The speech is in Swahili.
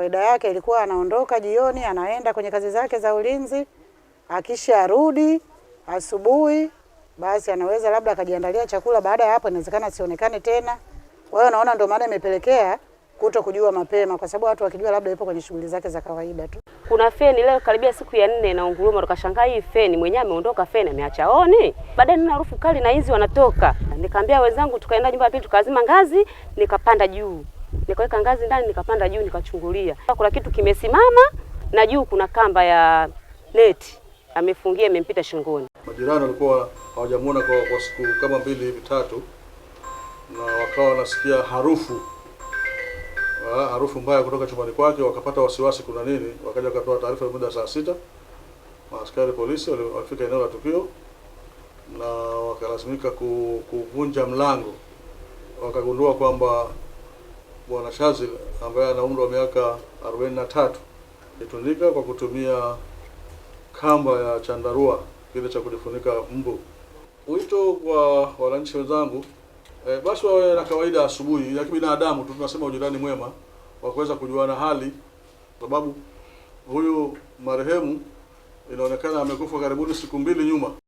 Kawaida yake ilikuwa anaondoka jioni anaenda kwenye kazi zake za ulinzi, akisharudi asubuhi basi anaweza labda akajiandalia chakula. Baada ya hapo inawezekana sionekane tena. Kwa hiyo naona ndio maana imepelekea kuto kujua mapema, kwa sababu watu wakijua labda yupo kwenye shughuli zake za kawaida tu. Kuna feni leo karibia siku ya nne na unguruma, tukashangaa hii feni mwenyewe ameondoka, feni ameacha oni. Baadaye nina harufu kali na hizi wanatoka, nikaambia wenzangu, tukaenda nyumba ya pili, tukazima ngazi, nikapanda juu nikaweka ngazi ndani, nikapanda juu, nikachungulia kuna kitu kimesimama, na juu kuna kamba ya neti amefungia, imempita shingoni. Majirani walikuwa hawajamuona kwa, kwa siku kama mbili hivi tatu, na wakawa wanasikia harufu ha, ah, harufu mbaya kutoka chumbani kwake, wakapata wasiwasi, kuna nini, wakaja wakatoa taarifa muda saa sita. Maaskari polisi walifika eneo la tukio na wakalazimika kuvunja mlango, wakagundua kwamba Bwana Shazil ambaye ana umri wa miaka 43 nitundika kwa kutumia kamba ya chandarua kile cha kujifunika mbu. Wito kwa wananchi wenzangu e, basi wawe na kawaida asubuhi ya kibinadamu tu, tunasema ujirani mwema wa kuweza kujuana hali, sababu huyu marehemu inaonekana amekufa karibuni siku mbili nyuma.